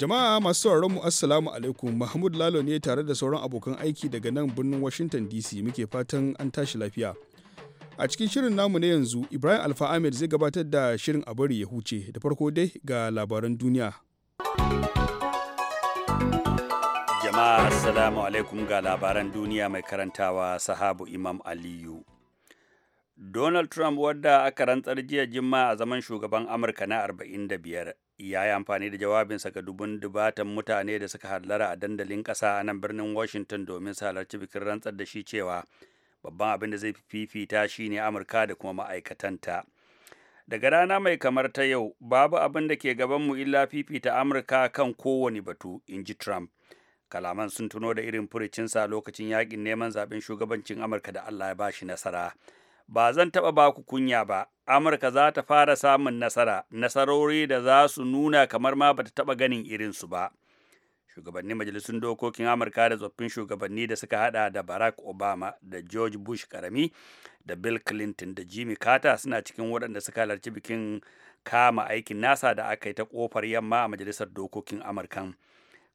Jama'a masu sauraron mu Assalamu alaikum Mahmud Lalo ne tare da sauran abokan aiki daga nan birnin Washington DC muke fatan an tashi lafiya. A cikin shirin namu na yanzu Ibrahim Alfa Ahmed zai gabatar da shirin a bari ya huce da farko dai ga labaran duniya. Jama'a Assalamu alaikum ga labaran duniya mai karantawa sahabu Imam Aliyu. Donald Trump wadda aka rantsar jiya Juma'a a zaman shugaban Amurka na 45 ya yi amfani da jawabinsa ga dubun dubatan mutane da suka hallara a dandalin ƙasa a nan birnin washington domin su halarci bikin rantsar da shi cewa babban abin da zai fifita shi ne amurka da kuma ma'aikatanta daga rana mai kamar ta yau babu abin da ke gabanmu illa fifita amurka kan kowane batu in ji trump kalaman sun tuno da irin furicinsa lokacin yakin neman zaɓen shugabancin amurka da allah ya ba shi nasara ba zan taɓa ba ku kunya ba amurka za ta fara samun nasara nasarori da za su nuna kamar ma ba ta taɓa ganin irinsu ba shugabannin majalisun dokokin amurka da tsoffin shugabanni da suka haɗa da barack obama da george bush karami da bill clinton da jimmy carter suna cikin waɗanda suka halarci bikin kama aikin nasa da aka yi ta ƙofar yamma a majalisar dokokin amurkan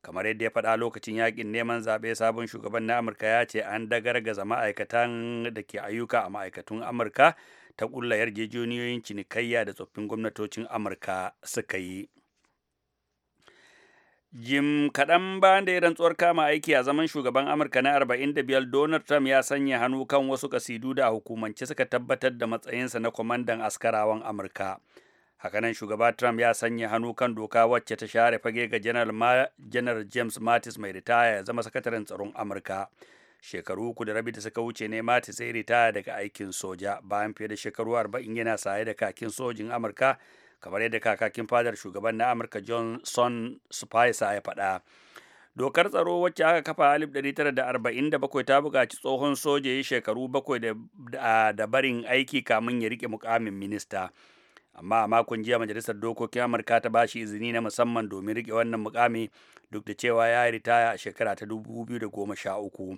kamar yadda ya faɗa lokacin yakin neman zaɓe sabon shugaban na amurka ya ce an dagargaza ma'aikatan da ke ayyuka a ma'aikatun amurka ta ƙulla yarjejeniyoyin cinikayya da tsoffin gwamnatocin amurka suka yi jim kaɗan bayan da ya rantsuwar kama aiki a zaman shugaban amurka na 45 donald trump ya sanya hannu kan wasu kasidu da hukumance suka tabbatar da matsayinsa na kwamandan askarawan amurka hakanan shugaba trump ya sanya hannu kan doka wacce ta share fage ga janar james mattis mai ritaya ya zama sakataren tsaron amurka shekaru uku da rabi da suka wuce ne mattis ya ritaya daga aikin soja bayan fiye da shekaru arba'in yana saye da kakin sojin amurka kamar yadda kakakin fadar shugaban na amurka johnson spicer ya faɗa dokar tsaro wacce aka kafa da 1947 ta buƙaci tsohon soja ya shekaru bakwai da barin aiki kamun ya rike mukamin minista amma a makon jiya majalisar dokokin amurka ta bashi izini na musamman domin rike wannan mukami duk da cewa ya yi ritaya a shekara ta dubu da goma sha 2013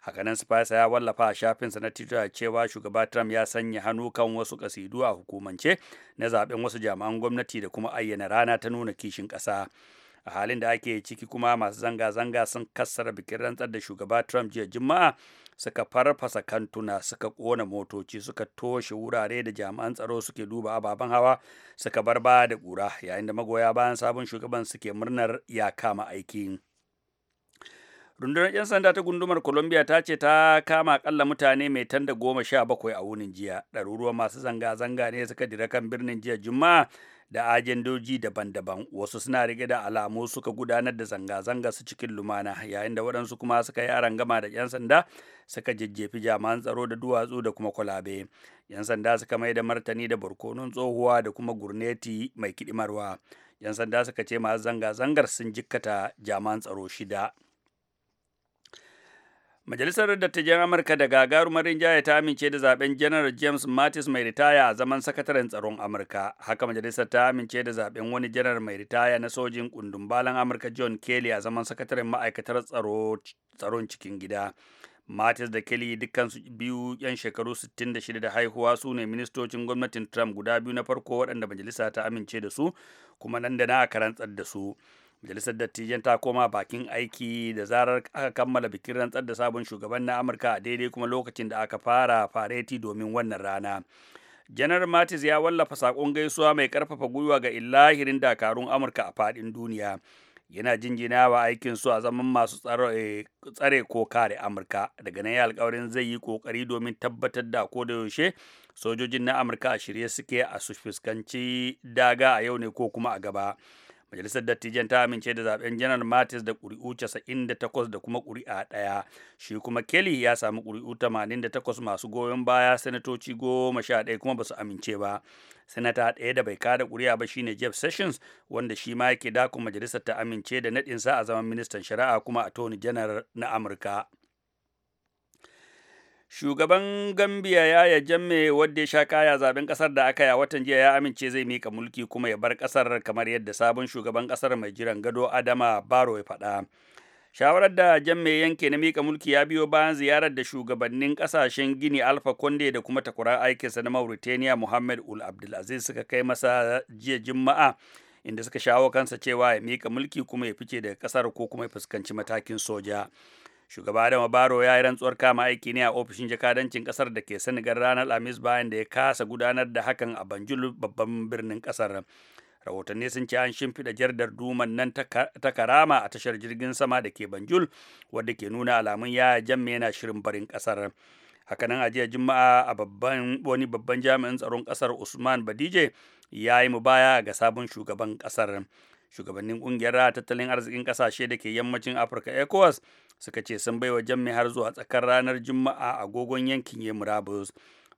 hakanan spicer ya wallafa a shafinsa na twitter cewa shugaba trump ya sanya hannu kan wasu kasidu a hukumance na zaben wasu jami'an gwamnati da kuma ayyana rana ta nuna kishin ƙasa a halin da ake ciki kuma masu zanga-zanga sun kassara bikin rantsar da shugaba trump jiya juma'a suka farfasa kantuna suka kona motoci suka toshe wurare da jami'an tsaro suke duba ababen hawa suka bar ba da kura yayin da magoya bayan sabon shugaban suke murnar ya kama aiki rundunar 'yan sanda ta gundumar columbia ta ce ta kama akalla mutane mai tanda goma sha bakwai a wunin jiya ɗaruruwan masu zanga-zanga ne suka dira kan birnin jiya juma'a da ajendoji daban-daban wasu suna rike da alamu suka gudanar da zanga-zanga su cikin lumana yayin da waɗansu kuma suka yi gama da 'yan sanda suka jajjefi jami'an tsaro da duwatsu da kuma kwalabe 'yan sanda suka mai da martani da barkonun tsohuwa da kuma gurneti mai kidimarwa 'yan sanda suka ce masu zanga-zangar sun jikkata jami'an tsaro shida Majalisar Dattijan Amurka da gagarumar rinjaye ta amince da zaben General James Mattis mai ritaya a zaman sakataren tsaron Amurka. Haka majalisar ta amince da zaben wani janar mai ritaya na sojin kundumbalan Amurka John Kelly a zaman sakataren ma'aikatar tsaron cikin gida. Mattis da Kelly dukkansu biyu 'yan shekaru 66 da haihuwa su ne ministocin gwamnatin Trump guda biyu na farko waɗanda majalisa ta amince da su kuma nan da na karantsar da su. majalisar dattijan ta koma bakin aiki da zarar aka kammala bikin rantsar da sabon shugaban na amurka a daidai kuma lokacin da aka fara fareti domin wannan rana janar matis ya wallafa saƙon gaisuwa mai ƙarfafa gwiwa ga illahirin dakarun amurka a faɗin duniya yana jinjina wa aikin su a zaman masu eh, tsare ko kare amurka daga nan ya alkawarin zai yi ƙoƙari domin tabbatar da ko da yaushe sojojin na amurka a shirye suke a su fuskanci daga a yau ne ko kuma a gaba majalisar dattijan ta amince da zaben janar matis da ƙuri'u 98 da kuma ƙuri'a ɗaya shi kuma kelly ya samu ƙuri'u 88 masu goyon baya sanatoci goma sha ɗaya kuma ba su amince ba sanata ɗaya da bai kada ƙuri'a ba shine jeff sessions wanda shi ma yake dakon majalisar ta amince da naɗinsa a zaman ministan shari'a kuma a attorney janar na amurka Shugaban Gambia ya Jamme wadda ya sha kaya zaben kasar da aka ya watan jiya ya amince zai mika mulki kuma ya bar kasar kamar yadda sabon shugaban kasar mai jiran gado Adama Baro ya faɗa. Shawarar da Jamme yanke na mika mulki ya biyo bayan ziyarar da shugabannin kasashen Gini Alpha konde da kuma takwarar aikinsa na Mauritania Muhammad Ul Abdulaziz suka kai masa jiya Juma'a inda suka shawo kansa cewa ya mika mulki kuma ya fice daga kasar ko kuma ya fuskanci matakin soja. shugaba adama baro ya yi rantsuwar kama aiki ne a ofishin jakadancin kasar da ke senegal ranar alhamis bayan da ya kasa gudanar da hakan a banjul babban birnin kasar rahotanni sun ce an shimfiɗa jardar duman nan ta karama a tashar jirgin sama da ke banjul wadda ke nuna alamun ya jamme yana shirin barin kasar hakanan a jiya juma'a a babban wani babban jami'in tsaron kasar usman badije ya yi mu baya ga sabon shugaban kasar shugabannin kungiyar tattalin arzikin kasashe da ke yammacin afirka ecowas suka ce sun baiwa jami har zuwa tsakar ranar juma'a agogon yankin yemurabus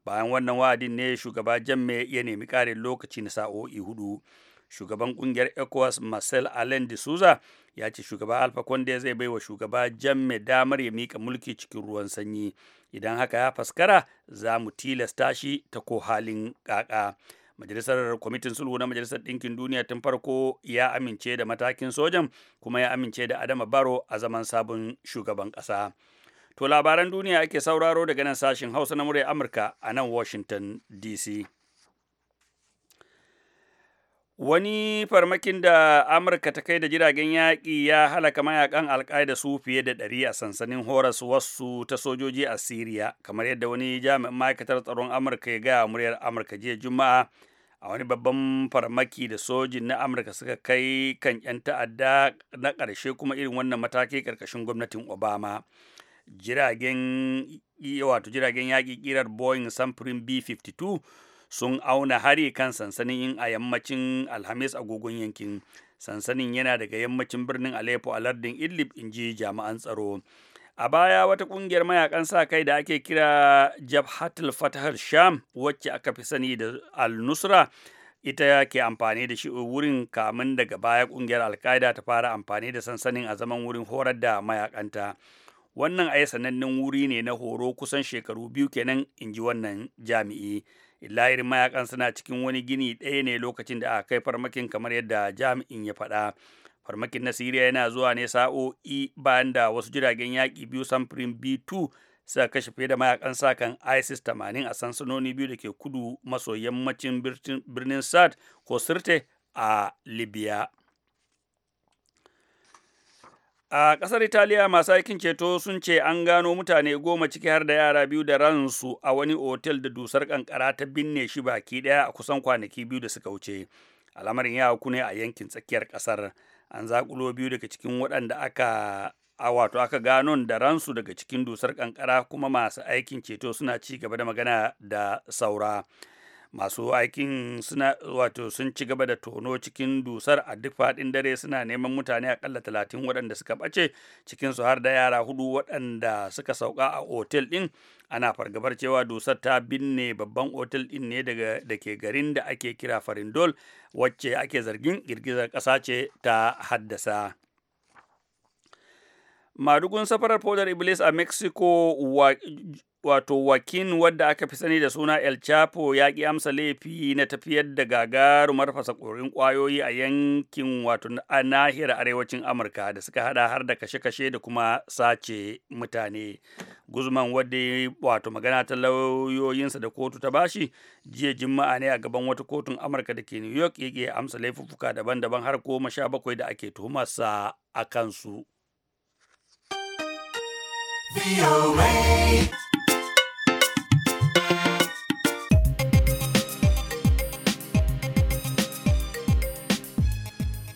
bayan wannan wa'adin ne shugaba jamme ya nemi karin lokaci na sa'o'i hudu shugaban kungiyar ecowas marcel allen de souza ya ce shugaba alfa conde zai wa shugaba jamme damar ya mika mulki cikin ruwan sanyi idan haka ya faskara za mu tilasta shi ta ko halin kaka majalisar kwamitin sulhu na majalisar ɗinkin duniya tun farko ya amince da matakin sojan kuma ya amince da adama baro a zaman sabon shugaban ƙasa to labaran duniya ake sauraro daga nan sashin hausa na murya amurka a nan washington dc Wani farmakin da Amurka ta kai da jiragen yaƙi ya halaka mayakan alƙaida su fiye da ɗari a sansanin horas wasu ta sojoji a Siriya, kamar yadda wani jami'in ma'aikatar tsaron Amurka ya gaya muryar Amurka jiya Juma'a a wani babban farmaki da sojin na Amurka suka kai kan 'yan ta'adda na ƙarshe kuma irin wannan mataki ƙarƙashin gwamnatin Obama. Jiragen wato jiragen yaƙi ƙirar Boeing samfurin B-52 sun auna hari kan sansanin a yammacin alhamis agogon yankin sansanin yana daga yammacin birnin aleppo a lardin idlib in ji jami'an tsaro a baya wata kungiyar mayakan sa kai da ake kira jabhatul fatahar sham wacce aka fi sani da al-nusra ita ke amfani da shi wurin kamun daga baya kungiyar alkaida ta fara amfani da sansanin a zaman wurin horar da mayakanta wannan ai sanannen wuri ne na horo kusan shekaru biyu kenan in ji wannan jami'i layirin mayakan suna cikin wani gini ɗaya ne lokacin da aka kai farmakin kamar yadda jami'in ya faɗa farmakin na siriya yana zuwa ne sa'o'i bayan da wasu jiragen yaƙi biyu samfurin b2 suka kashe fiye da mayakan sa kan isis 80 a sansanoni biyu da ke kudu maso yammacin birnin sad ko sirte a libya A ƙasar Italiya masu aikin ceto sun ce an gano mutane goma ciki har da yara biyu da ransu a wani otel da dusar ƙanƙara ta binne shi baki ɗaya a kusan kwanaki biyu da suka wuce. Al'amarin ya hauku ne a yankin tsakiyar ƙasar. An zaƙulo biyu daga cikin waɗanda aka a wato aka gano da ransu daga cikin dusar ƙanƙara kuma masu aikin ceto suna ci gaba da magana da saura. masu aikin suna wato sun ci gaba da tono cikin dusar a duk faɗin dare suna neman mutane akalla talatin waɗanda suka ɓace cikin su har da yara hudu waɗanda suka sauka a otel ɗin ana fargabar cewa dusar ta binne babban otel ɗin ne daga da ke garin da ake kira farindol wacce ake zargin girgizar ƙasa ce ta haddasa madugun safarar fodar iblis a mexico wato wakin wadda aka fi sani da suna El Chapo ya ƙi amsa laifi na tafiyar da gagarumar fasakorin ƙwayoyi a yankin wato a nahiyar arewacin Amurka da suka hada har da kashe-kashe da kuma sace mutane. Guzman wadda wato magana ta lauyoyinsa da kotu ta bashi jiya juma'a ne a gaban wata kotun Amurka da ke New York ya ƙi amsa laifuffuka daban-daban har goma sha bakwai da ake tuhumarsa a kansu.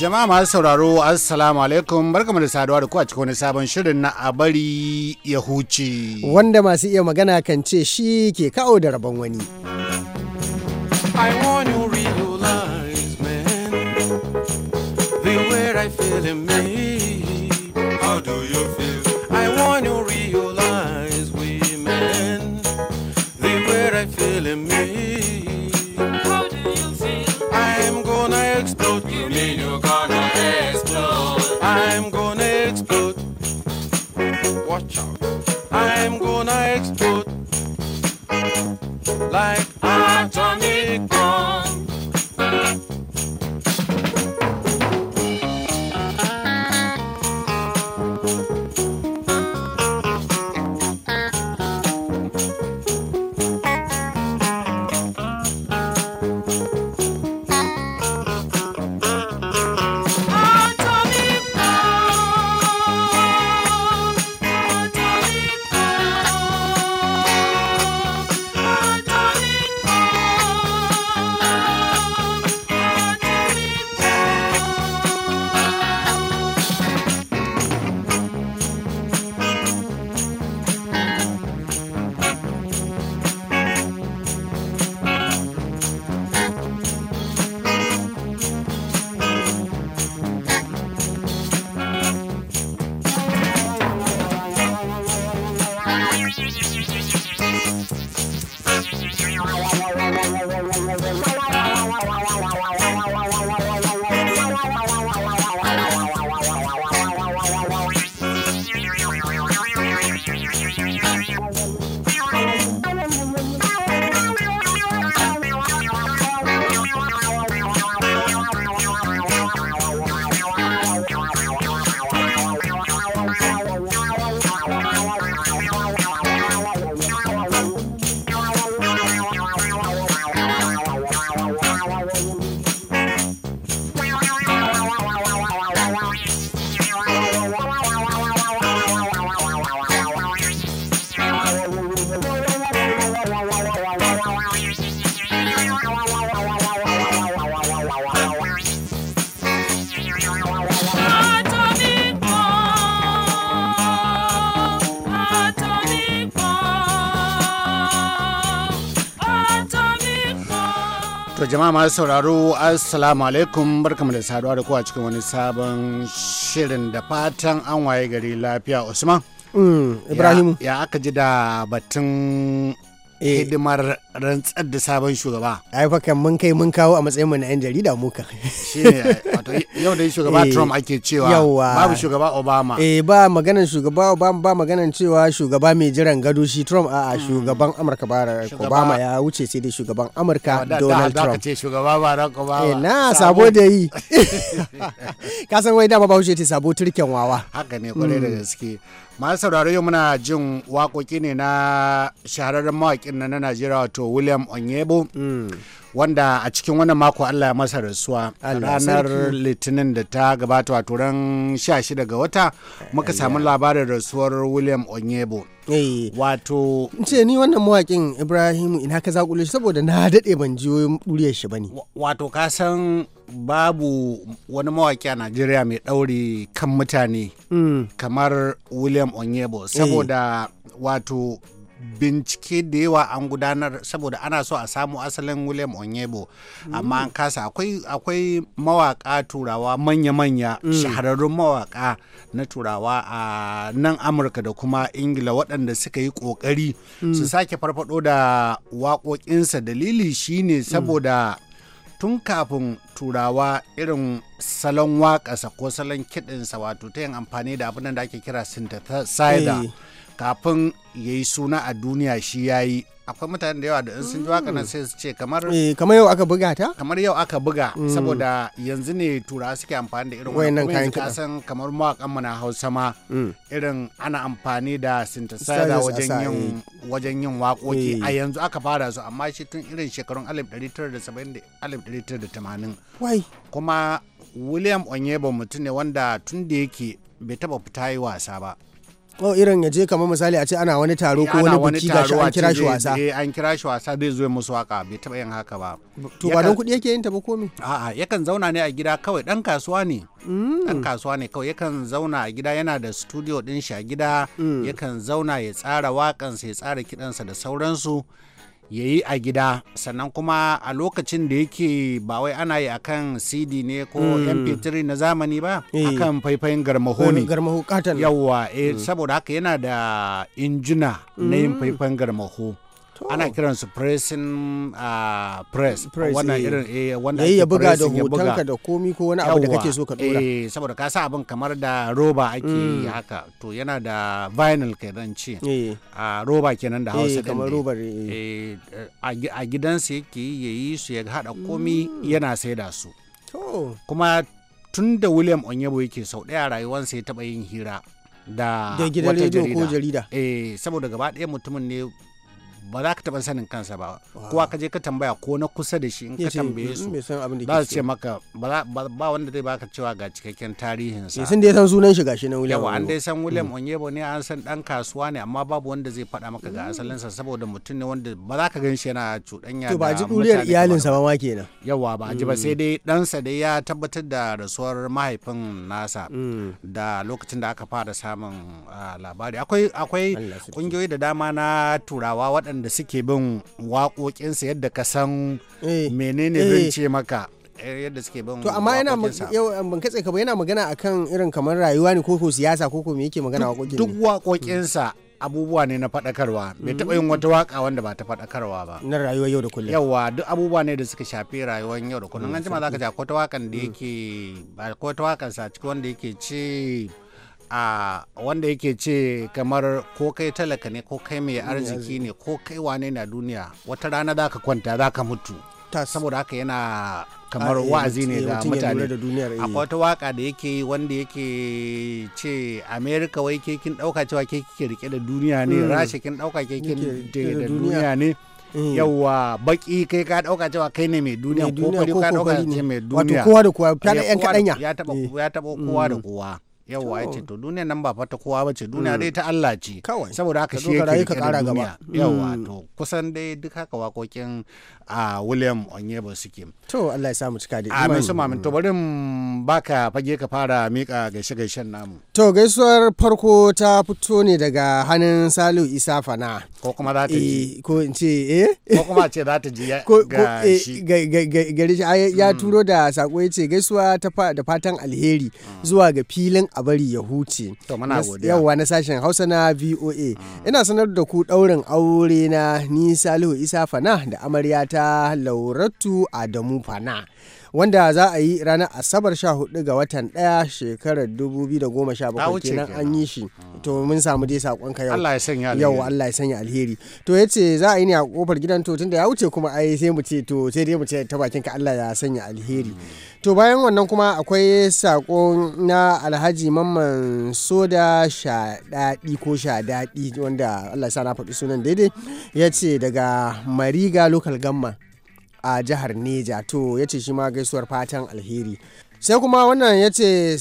Jama'a masu sauraro Assalamu alaikum barkamu da saduwa da kuwa a cikin wani sabon shirin na a ya huce. Wanda masu iya magana kan ce shi ke kawo da rabon wani. I jama'a masu sauraro assalamu alaikum barkamu da saduwa da kowa cikin wani sabon shirin da fatan an waye gari lafiya usman mm, ibrahimu ya aka ji da batun eh. hidimar rantsar da sabon shugaba. Ai fa mun kai mun kawo a matsayin mu na 'yan jarida mu ka. Shi ne wato yau da shugaba eh, Trump ake cewa babu shugaba Obama. Eh ba maganan shugaba Obama ba maganan cewa shugaba mai jiran gado shi Trump a a hmm. shugaban Amurka Barack Obama ya wuce sai dai shugaban Amurka Donald Trump. Da ce shugaba Barack Obama. Eh na sabo da yi. Ka san wai dama Bahaushe ce sabo turken wawa. Haka ne kwarai da hmm. gaske. Masu sauraro yau muna jin waƙoƙi ne na shahararren mawaƙin na Najeriya wato wato william onyebo mm. wanda a cikin wannan mako allah ya masa rasuwa ranar litinin da ta gabata wato ran 16 ga wata muka samu labarin rasuwar william onyebo wato ce ni wannan mawakin ibrahim ina ka zakule shi saboda na daɗe ban ji ɗuriyar shi bane wato ka san babu wani mawaki a najeriya mai ɗaure kan mutane mm. kamar william onyebo saboda wato bincike da yawa an gudanar saboda ana so a samu asalin william onyebo amma an kasa akwai mawaka turawa manya-manya mm. shahararrun mawaka na turawa a nan amurka da kuma ingila waɗanda suka yi ƙoƙari mm. su sake farfado da waƙoƙinsa dalili shine mm. saboda tun kafin turawa irin salon waƙasa ko salon kiɗinsa wato ta yin amfani da abin da ake kira synthesizer eh. kafin ya yi suna a duniya shi ya yi akwai mutane da yawa da in sun ji waka nan sai su ce kamar eh, kamar yau aka buga ta kamar yau aka buga mm. saboda yanzu ne turawa suke amfani da irin wannan kayan kiɗa san kamar mawakan mu na Hausa ma mm. irin ana amfani da synthesizer wajen eh. yin wajen yin waƙoƙi eh. a yanzu aka fara su amma shi tun irin shekarun 1970 kuma William Onyebo mutum ne wanda tun da yake bai taba fita yi wasa ba oh irin ya je kamar misali a ce ana wani taro ko eh, wani biki ga shi an kira shi wasa eh an kira shi wasa zai zo musu waka bai taba yin haka ba to ba don kuɗi yake yin ta ba ko a a'a yakan zauna ne a gida kawai dan kasuwa ne dan mm. kasuwa ne kawai yakan zauna a gida yana da studio din shi a gida mm. yakan zauna ya tsara sa ya tsara kidansa da sauransu ya yi a gida sannan kuma a lokacin da yake ba wai ana yi akan cd ne ko mp3 mm. na zamani ba eh. akan faifayin garmaho ne eh, garmaho eh, mm. saboda haka yana da injina na yin mm. faifayin garmaho ana su pressing uh, press wannan eh. irin eh wanda eh, ya buga da hotonka da komi ko wani abu da kake so ka dora eh saboda ka sa abin kamar da roba ake yi mm. haka to yana da vinyl dan ce eh. a roba kenan da Hausa kamar roba eh a gidansa yake yayi su ya hada komi mm. yana saida su kuma tun da William Onyebo yake sau daya rayuwarsa ya taba yin hira da wata jarida. Eh, saboda gaba ɗaya mutumin ne ba za ka taɓa sanin kansa ba kowa ka je ka tambaya ko na kusa da shi in ka tambaye su mm, za su ce maka ba wanda zai baka cewa ga cikakken tarihin sa sun dai san sunan shi gashi na William yawa an dai san mm. William Onyebo ne an san dan kasuwa ne amma babu wanda zai faɗa maka ga mm. asalinsa saboda mutum ne wanda ba za ka gan shi yana cuɗanya da ba ji duriyar sa ba ma kenan yawa ba ji ba sai dai sa dai ya tabbatar da rasuwar mahaifin nasa da lokacin da aka fara samun ah, labari akwai akwai kungiyoyi da dama na turawa waɗanda waɗanda suke bin waƙoƙinsa yadda ka san eh, menene eh. zan ce maka eh, yadda suke bin to amma yana ban katse ka ba yana magana akan irin kamar rayuwa ne koko siyasa koko me yake magana waƙoƙin duk waƙoƙinsa abubuwa ne na faɗakarwa bai taɓa yin mm. wata waƙa wanda ba ta faɗakarwa ba na rayuwa yau da kullum Yawwa duk abubuwa ne da suka shafi rayuwar yau da kullum an jima mm, za ka ja ko ta waƙan da yake ko ta waƙansa sa cikin wanda yake ce a wanda yake ce kamar ko kai talaka ne ko kai mai arziki ne ko kai wane na duniya wata rana za ka kwanta za ka mutu saboda haka yana kamar eh, wa'azi ne ga mutane eh. akwai wata waka da yake wanda yake ce america wai ke kin dauka cewa ke kike rike da duniya ne hmm. rasha kin dauka ke kin da duniya ne hmm. yawa baki kai ka dauka cewa kai ne mai duniya ko ka dauka cewa mai duniya wato kowa da kowa ta yan kadanya ya taba kowa da eh. kowa hmm. yawa ya ce to duniya nan ba fata kowa ba ce duniya mm. dai ta Allah ce kawai saboda haka shi yake ka kara gaba mm. yawa to kusan dai duk haka wakokin a William Onyebo suke to Allah ya samu cika da amin su mamin to bari baka fage ka fara mika gaishe gaishen namu to gaisuwar farko ta fito ne daga hannun Salihu Isa Fana ko kuma za ta ji eh, ko in ce eh ko kuma ce za ta ji ga shi ya turo da sako ya ce gaisuwa ta da fatan alheri mm. zuwa ga filin a bari ya huce yawwa na sashen hausa na voa mm. ina sanar da ku ɗaurin aure na ni salihu isa fana da amaryata lauratu adamu fana wanda za a yi ranar asabar 14 ga watan 1 shekarar 2017 kenan an yi shi to mun samu dai sakonka yau Allah ya sanya alheri yau Allah ya sanya alheri to yace za a yi ne a kofar gidan to tunda ya wuce kuma ai sai mu ce to sai dai mu ce ta bakin ka Allah ya sanya alheri to bayan wannan kuma akwai sako na Alhaji Mamman Soda Shadadi ko Shadadi wanda Allah ya sa na faɗi sunan daidai yace daga Mariga Local Gamma a jihar neja to ya ce shi ma gaisuwar fatan alheri sai kuma wannan ya ce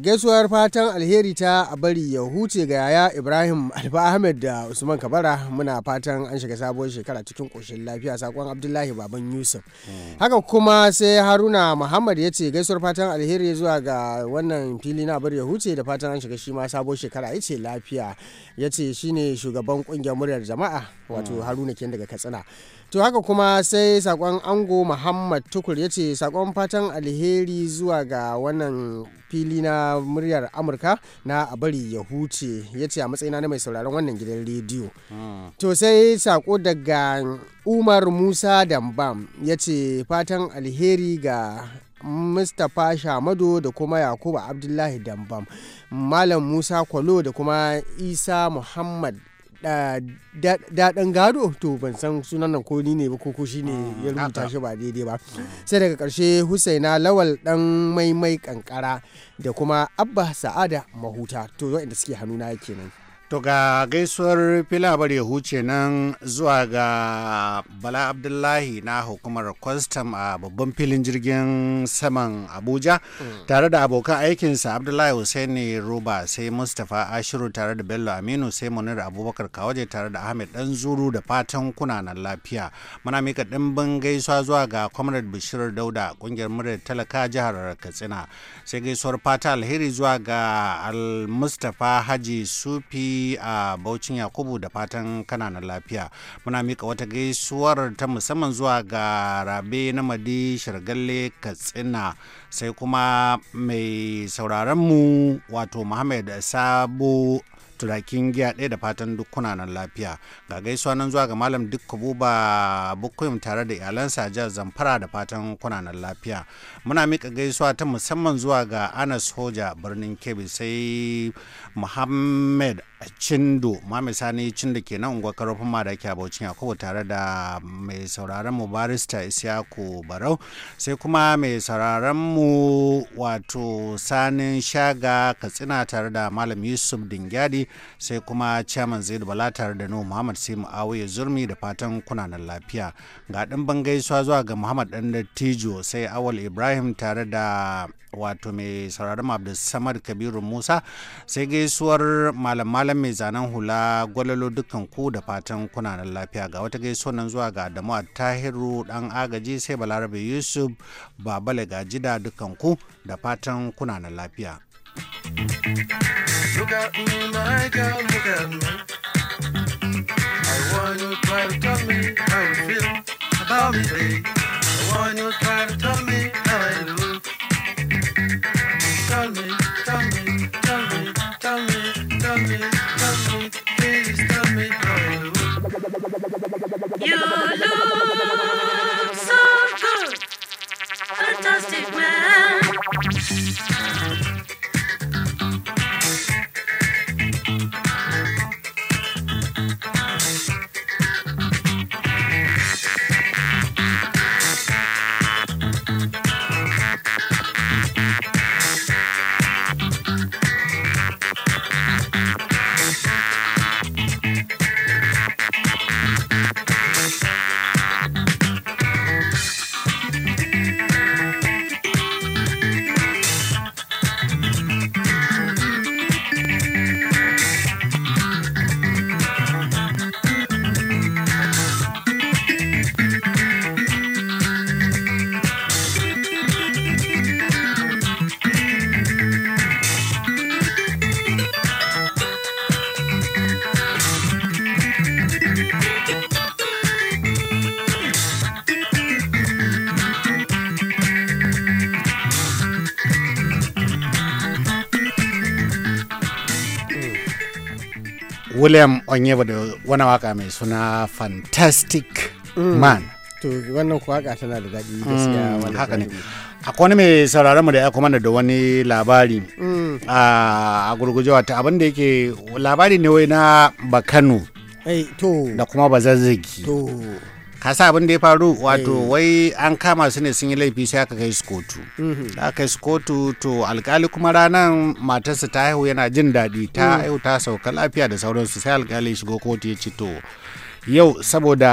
gaisuwar fatan alheri ta bari ya huce ga yaya ibrahim alfa ahmed da usman kabara muna fatan an shiga sabuwar shekara cikin koshin lafiya sakon abdullahi baban yusuf hmm. haka kuma sai haruna muhammad ya ce gaisuwar fatan alheri zuwa ga wannan fili na bari ya huce da fatan an shiga shi ma sabuwar shekara ya ce lafiya ya ce shine shugaban kungiyar muryar jama'a wato hmm. haruna ken daga katsina to haka kuma sai sakon ango muhammad tukur ya ce sakon fatan alheri zuwa ga wannan fili na muryar amurka na a bari ya huce ya ce a matsayina na mai sauraron wannan gidan rediyo hmm. to sai sako daga umar musa dambam ya ce fatan alheri ga mustapha shamado da kuma yakubu abdullahi dambam malam musa kwalo da kuma isa muhammad daɗin gado to ban san sunan nan ko ne ba ko shi ne ah, ya ah, rubuta shi ba daidai ba sai daga ƙarshe husaina lawal ɗan maimai ƙanƙara da kuma abba sa'ada mahuta to inda suke hannuna kenan. nan To ga gaisuwar filabar huce nan zuwa ga Bala Abdullahi na hukumar kwastam a babban filin jirgin saman Abuja hmm. tare da abokan aikinsa Abdullahi Hussaini Roba sai Mustapha Ashiru tare da Bello Aminu sai Munir Abubakar Kawaje tare da Ahmed Dan Zuru da fatan kunanan lafiya. Muna mika dimbin gaisuwa zuwa ga Comrade Bashir Dauda ƙungiyar muryar talaka jihar Katsina sai gaisuwar fata alheri zuwa ga Al Mustapha Haji Sufi a Baucin Yakubu da fatan kananan lafiya. Muna mika wata gaisuwar ta musamman zuwa ga Rabe na Madi Shirgalle Katsina sai kuma mai sauraronmu wato Muhammad Sabo turakin giya ɗaya da fatan duk kunanan lafiya ga gaisuwa nan zuwa ga malam dukka buba bukuyum tare da iyalansa jihar zamfara da fatan kunanan lafiya muna mika gaisuwa ta musamman zuwa ga anas hoja birnin kebbi sai Muhammad Cindo Muhammad Sani ke kenan unguwar karofin ma da ake abocin Yakubu tare da mai sauraron mu barista Isiyaku Barau sai kuma mai sauraron mu wato Sanin Shaga Katsina tare da Malam Yusuf Dingyadi sai kuma Chairman Zaid Bala tare da Nuhu Muhammad Sim Awaye Zurmi da fatan kuna nan lafiya ga dimbin gaisuwa zuwa ga Muhammad Dan Tijo sai Awal Ibrahim tare da wato mai sauraron abdulsamad kabiru musa sai gaisuwar malam malam mai zanen hula gwalalo dukkan ku da fatan kuna nan lafiya ga wata gaisuwar nan zuwa ga adamu tahiru dan agaji sai balarabe yusuf babale gajida dukkan ku da fatan kuna nan lafiya I want you to try to tell me how feel about me, babe. I want you to try to tell me how You look so good, fantastic man. william onyevo da wani waka mai suna fantastic mm. man to wannan waka tana da daɗi mm, gaskiya haka ne akwai wani mai sauraron mu da ya kuma da wani labari mm. a gurguje wata abinda yake labari ne wai na bakano eh, da kuma bazazzagi kasa abin da ya faru wato eh. wai an kama su ne sun yi laifi sai aka kai su kotu mhm. aka kai su kotu to alkali kuma ranar matarsa ta haihu yana jin daɗi ta mm. haihu ta sauka lafiya da sauransu sai alkali shigo kotu ya ce to yau saboda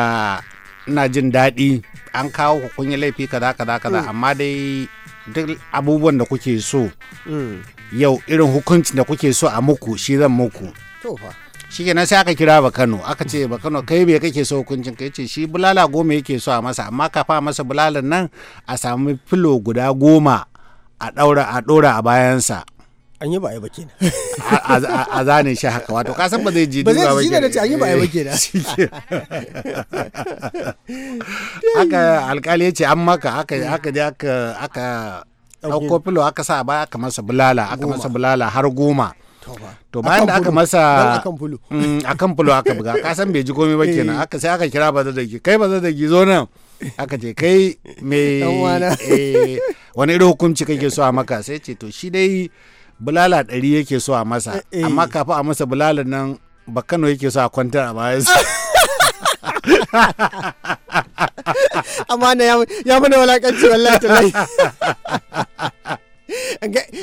na jin daɗi an kawo ku kun yi laifi kaza kaza kaza mm. amma dai duk abubuwan da kuke so mm. yau irin hukuncin da kuke so a muku shi zan muku shikenan sai aka kira Bakano aka ce Bakano kai me kake so hukuncin kai ce shi bulala goma yake so a masa amma fa masa bulalan nan a samu filo guda goma a daura a dora a bayansa an yi ba a yi a zane shi haka wato kasan ba zai ji ba zai ji da ce an yi ba a yi haka alkali ya ce an maka haka yi aka aka ɗauko filo aka sa ba aka masa bulala aka masa bulala har goma to bayan da aka masa akan mm, kan aka buga kasan bai ji komai ba eh. kenan aka sai aka kira bazadagi kai da zo nan aka ce kai mai eh, wani irin hukunci kake so a maka sai ce to shi dai bulala ɗari yake so a masa eh. amma kafin a masa bulala nan bakano yake so a kwantar a bayansa amma na ya mana walakanci wallahi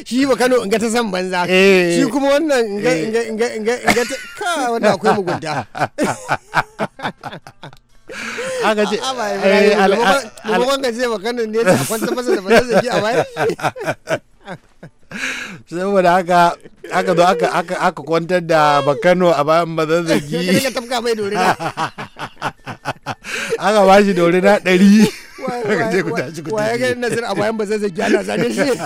shi ba Kano in ga ta san banza eh. shi kuma wannan in ga in eh. ga in ga in ga ka wannan akwai mugunta aka ce maimakon eh, ka ce ba Kano ne ta kwanta masa da banza zaki a baya saboda haka aka zo aka aka aka kwantar da bakano a bayan bazan zagi aka ba shi dorina ɗari je ga nazar a bayan ba zai zai gyara zane shi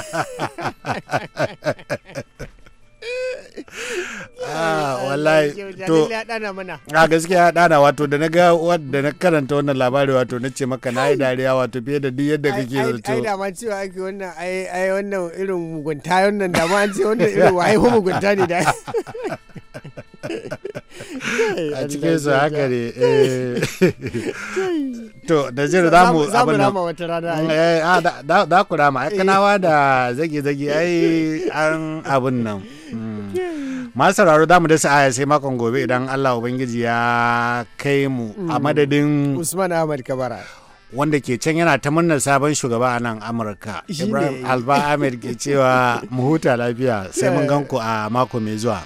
Ah, wallahi to a gaskiya ya dana wato da na ga wadda na karanta wannan labari wato na ce maka na yi dariya wato fiye da duk yadda kake zato ai da ma cewa ake wannan ai ai wannan irin mugunta wannan da ma an ce wannan irin wai mugunta ne da a cikin su haka ne eh. to da jira za mu abin nan wata rana eh, eh, ah, da ku rama ai kanawa da zage zage ai an abun nan masu sauraro za mu da sa'aya sai makon gobe idan Allah Ubangiji ya kai mu a mm. madadin Usman Ahmad Kabara. wanda ke can yana ta murnar sabon shugaba a nan amurka ibrahim alba ahmed ke cewa mu huta lafiya sai mun ganku a mako mai zuwa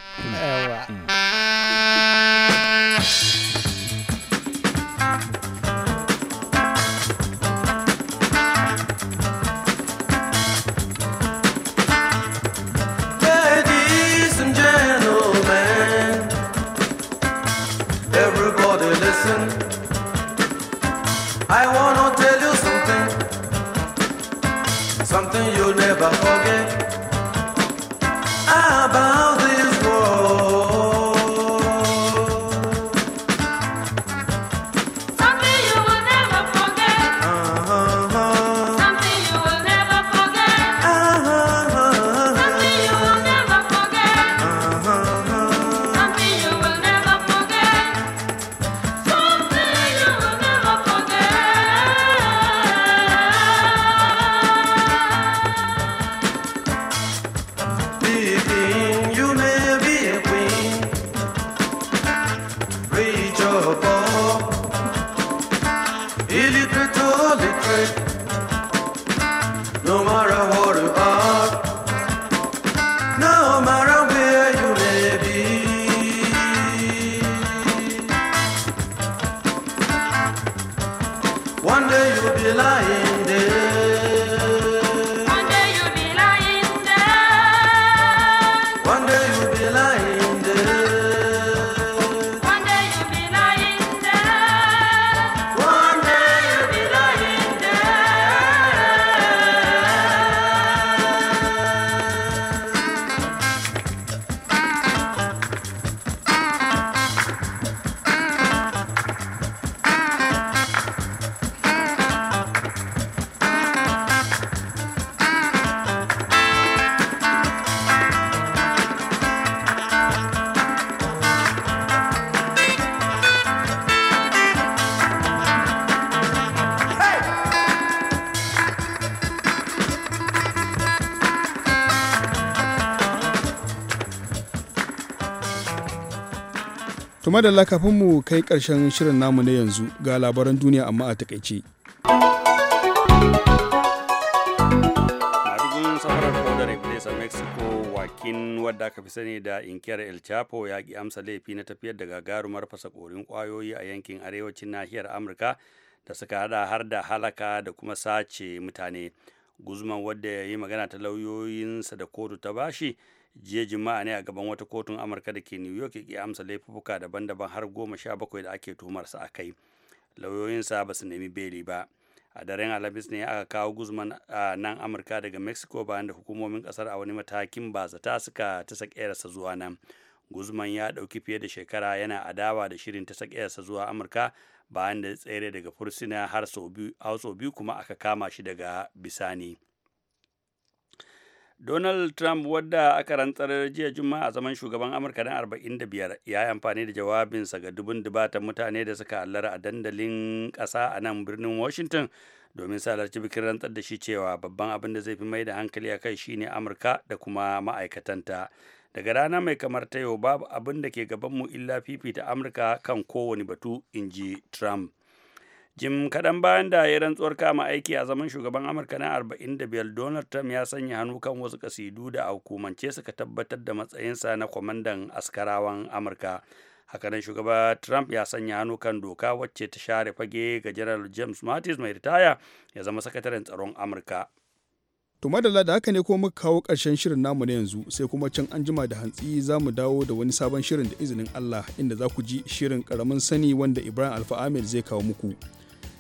madalla kafin mu kai ƙarshen shirin namu na yanzu ga labaran duniya amma a takaice. Kin Mexico wakin wadda aka fi sani da inkiyar El Chapo ya ki amsa laifi na tafiyar da gagarumar fasa faso-korin kwayoyi a yankin arewacin nahiyar Amurka da suka hada har da halaka da kuma sace mutane. Guzman wadda ya yi magana ta lauyoyinsa da kotu ta bashi jiya juma'a ne a gaban wata kotun amurka da ke new york ya amsa laifuka daban-daban har goma sha bakwai da ake tuhumarsa a kai lauyoyinsa ba su nemi beli ba a daren alhamis ne aka kawo guzman a nan amurka daga mexico bayan da hukumomin kasar a wani matakin ba zata suka ta sakayarsa zuwa nan guzman ya ɗauki fiye da shekara yana adawa da shirin ta sakayarsa zuwa amurka bayan da tsere daga fursuna har sau biyu kuma aka kama shi daga bisani Donald Trump wadda aka rantsar jiya Juma'a a zaman shugaban Amurka na 45 ya yi amfani da jawabinsa ga dubun dubatan mutane da suka hallara a dandalin ƙasa a nan birnin Washington domin salarci bikin rantsar da shi cewa babban abin da zai fi mai da hankali a kai shine Amurka da kuma ma'aikatanta. Daga rana mai kamar ta yau babu abin da ke gabanmu illa fifita Amurka kan kowane batu, in ji Trump. jim kaɗan bayan da ya rantsuwar kama aiki a zaman shugaban amurka na 45 donald trump ya sanya hannu kan wasu kasidu da a hukumance suka tabbatar da matsayinsa na kwamandan askarawan amurka hakanan shugaba trump ya sanya hannu kan doka wacce ta share fage ga general james mattis mai ritaya ya zama sakataren tsaron amurka To madalla da haka ne kuma muka kawo ƙarshen shirin namu na yanzu sai kuma can an jima da hantsi za mu dawo da wani sabon shirin da izinin Allah inda za ku ji shirin ƙaramin sani wanda Ibrahim Alfa zai kawo muku.